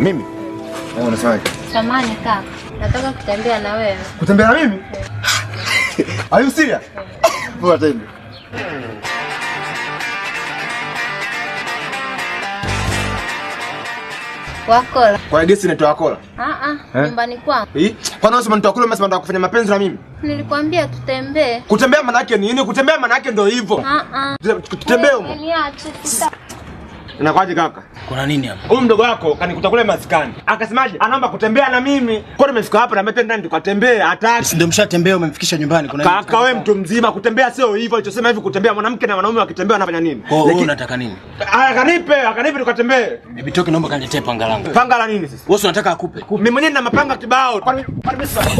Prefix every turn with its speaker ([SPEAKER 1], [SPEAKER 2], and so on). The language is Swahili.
[SPEAKER 1] Mimi
[SPEAKER 2] unasema samani kaka, nataka kutembea na wewe.
[SPEAKER 1] Kutembea na mimi? Are you serious? Poa tena. Wakola. Kwa gesi inaitwa Wakola?
[SPEAKER 2] Ah ah, eh? nyumbani kwangu.
[SPEAKER 1] Eh? Kwa nini unasema nitakuwa mimi unataka kufanya mapenzi na mimi?
[SPEAKER 2] Nilikwambia tutembee.
[SPEAKER 1] Kutembea maana yake nini? Kutembea maana yake ndio hivyo. Ah ah. Tutembee huko. Niache. Inakwaje kaka? Kuna nini hapa? Huyu mdogo wako kanikuta kule maskani. Akasemaje? Anaomba kutembea na mimi. Kwa nimefika hapa na mimi tena tukatembee hataki.
[SPEAKER 3] Si ndio mshatembea umemfikisha nyumbani kuna
[SPEAKER 1] nini? Kaka wewe mtu mzima kutembea sio hivyo. Alichosema hivi kutembea mwanamke na wanaume wakitembea wanafanya nini?
[SPEAKER 3] Lakini wewe unataka nini?
[SPEAKER 1] Aya Akanipe, akanipe tukatembee.
[SPEAKER 3] Bibi toki naomba kanitee panga langu.
[SPEAKER 1] Panga la nini sasa?
[SPEAKER 3] Wewe unataka akupe.
[SPEAKER 1] Mimi mwenyewe nina mapanga kibao. Kwani sasa?